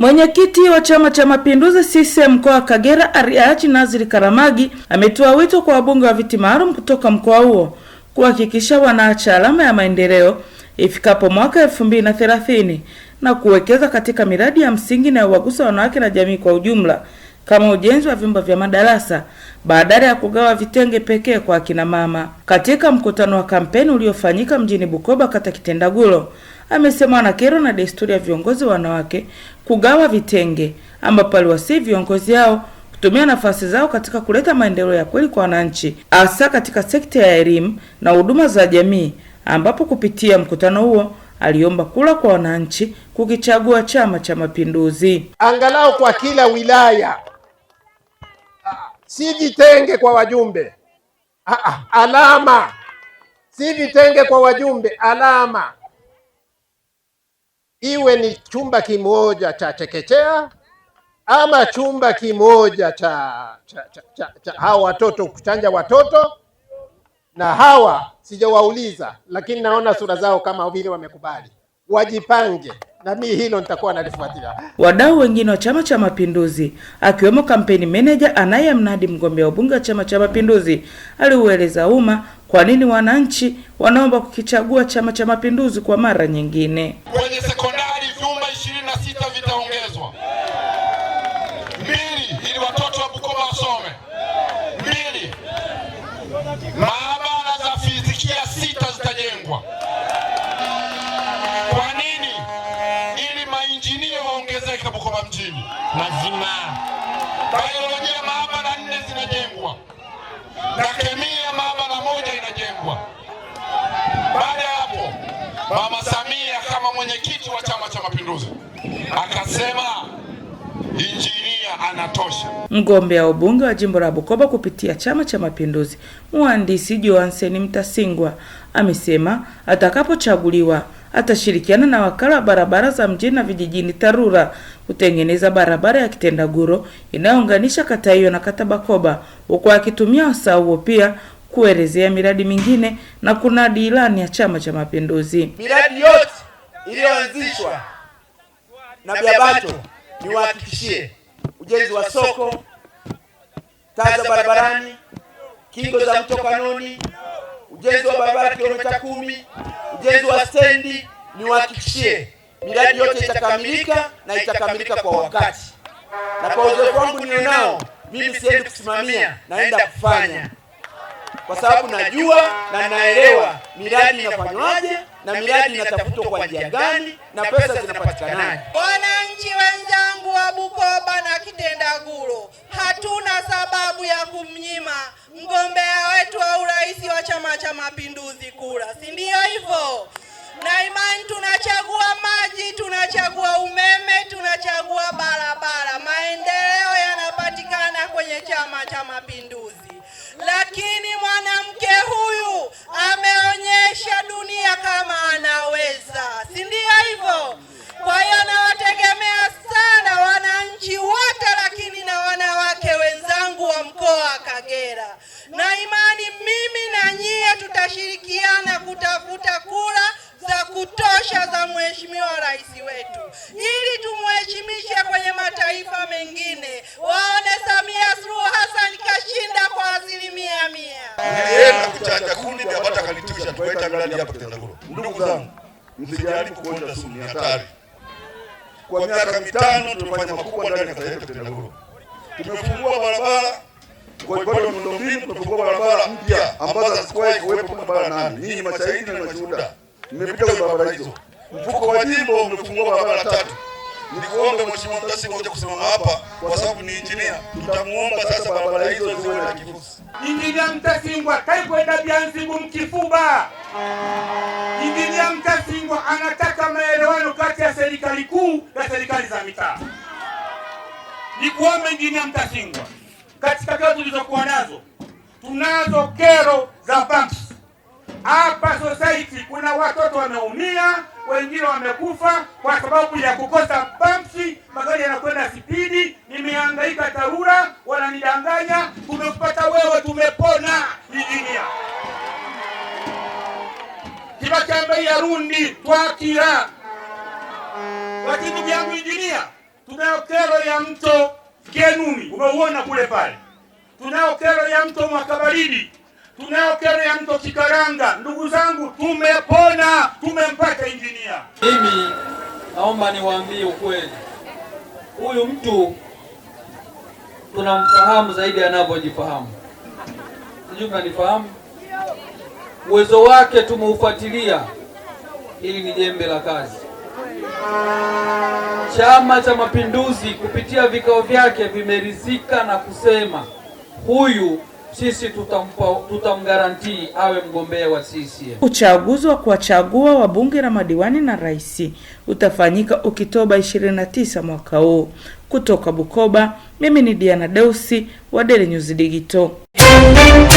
Mwenyekiti wa Chama cha Mapinduzi CCM mkoa wa Kagera Ariachi Naziri Karamagi ametoa wito kwa wabunge wa viti maalum kutoka mkoa huo kuhakikisha wanaacha alama ya maendeleo ifikapo mwaka elfu mbili na thelathini na kuwekeza katika miradi ya msingi inayowagusa wanawake na jamii kwa ujumla kama ujenzi wa vyumba vya madarasa badala ya kugawa vitenge pekee kwa akina mama. Katika mkutano wa kampeni uliofanyika mjini Bukoba, kata Kitendagulo, amesema kero na desturi ya viongozi wanawake kugawa vitenge, ambapo aliwasihi viongozi hao kutumia nafasi zao katika kuleta maendeleo ya kweli kwa wananchi, hasa katika sekta ya elimu na huduma za jamii, ambapo kupitia mkutano huo aliomba kula kwa wananchi kukichagua Chama cha Mapinduzi angalau kwa kila wilaya, si vitenge kwa wajumbe. Aa, ah, ah, alama si vitenge kwa wajumbe, alama iwe ni chumba kimoja cha chekechea ama chumba kimoja cha, cha, cha, cha, cha hawa watoto kuchanja watoto. Na hawa sijawauliza, lakini naona sura zao kama vile wamekubali, wajipange na mimi hilo nitakuwa nalifuatilia. Wadau wengine wa Chama cha Mapinduzi akiwemo kampeni meneja anayemnadi mgombea ubunge wa Chama cha Mapinduzi aliueleza umma kwa nini wananchi wanaomba kukichagua Chama cha Mapinduzi kwa mara nyingine kwenye sekondari Mama Samia kama mwenyekiti wa Chama cha Mapinduzi akasema injinia anatosha. Mgombea wa ubunge wa jimbo la Bukoba kupitia Chama cha Mapinduzi, mhandisi Johansen Mtasingwa amesema atakapochaguliwa atashirikiana na wakala wa barabara za mjini na vijijini TARURA kutengeneza barabara ya Kitendaguro inayounganisha kata hiyo na kata Bakoba, huku akitumia wasaa huo pia kuelezea miradi mingine na kunadi ilani ya Chama cha Mapinduzi. Miradi yote iliyoanzishwa na Biabato, niwahakikishie ujenzi wa soko, taa za barabarani, kingo za mto Kanoni, ujenzi wa barabara kilomita kumi, ujenzi wa stendi, niwahakikishie miradi yote itakamilika na itakamilika kwa wakati, na kwa uzoefu wangu nilionao mimi siendi kusimamia, naenda kufanya kwa sababu najua na naelewa miradi inafanywaje na miradi inatafutwa kwa njia gani na pesa zinapatikanaje. Wananchi wenzangu wa Bukoba na Kitendagulo, hatuna sababu ya kumnyima mgombea wetu wa urais wa Chama cha Mapinduzi kura, si ndio hivyo? na imani tunachagua maji, tunachagua umeme, tunachagua barabara. Maendeleo yanapatikana kwenye Chama cha Mapinduzi, lakini kuonyesha dunia kama anaweza, si ndio hivyo? Kwa hiyo nawategemea sana wananchi wote, lakini na wanawake wenzangu wa mkoa wa Kagera, na imani mimi na nyie tutashirikiana kutafuta kura za kutosha za mheshimiwa rais wetu ili tumheshimishe kwenye mataifa mengine waone tulienda kuchanja kuni vya bata kalitusha, tukaita miradi hapa Kitandagolo. Ndugu zangu, msijaribu kuonja sumu, ni hatari. Kwa miaka mitano tumefanya makubwa ndani ya kata yetu Kitandagolo. Tumefungua barabara kwa upande wa miundombinu, tumefungua barabara mpya ambazo hazikuwahi kuwepo barabara nane. Ninyi mashahidi na mashuhuda, mmepita kwa barabara hizo. Mfuko wa jimbo umefungua barabara tatu nikuombe mheshimiwa mtasinga kuja kusimama hapa kwa sababu ni injinia. Tutamuomba sasa barabara hizo ziwe na kifusi. Injinia Mtasingwa kaikwenda byanzigu mkifuba. Injinia Mtasingwa anataka maelewano kati ya serikali kuu na serikali za mitaa. Nikuombe injinia Mtasingwa, katika kazi tulizokuwa nazo, tunazo kero za banks hapa society kuna watoto wameumia, wengine wamekufa kwa sababu ya kukosa pamsi, magari yanakwenda spidi, nimehangaika TARURA wananidanganya. Tumekupata wewe, tumepona ijinia kibachambai ya rundi twakira, lakini ndugu injinia, tunayo kero ya mto kenuni umeuona kule pale, tunayo kero ya mto Mwakabaridi tunayo kero ya mto Kikaranga. Ndugu zangu, tumepona, tumempata injinia. Mimi naomba niwaambie ukweli, huyu mtu tunamfahamu zaidi anavyojifahamu. Sijui mnanifahamu. Uwezo wake tumeufuatilia, ili ni jembe la kazi. Chama cha Mapinduzi kupitia vikao vyake vimeridhika na kusema huyu sisi tutampa tutamgarantii awe mgombea wa sisi. Uchaguzi wa kuwachagua wabunge na madiwani na rais utafanyika Oktoba 29 mwaka huu. Kutoka Bukoba, mimi ni Diana Deusi wa Daily News Digital.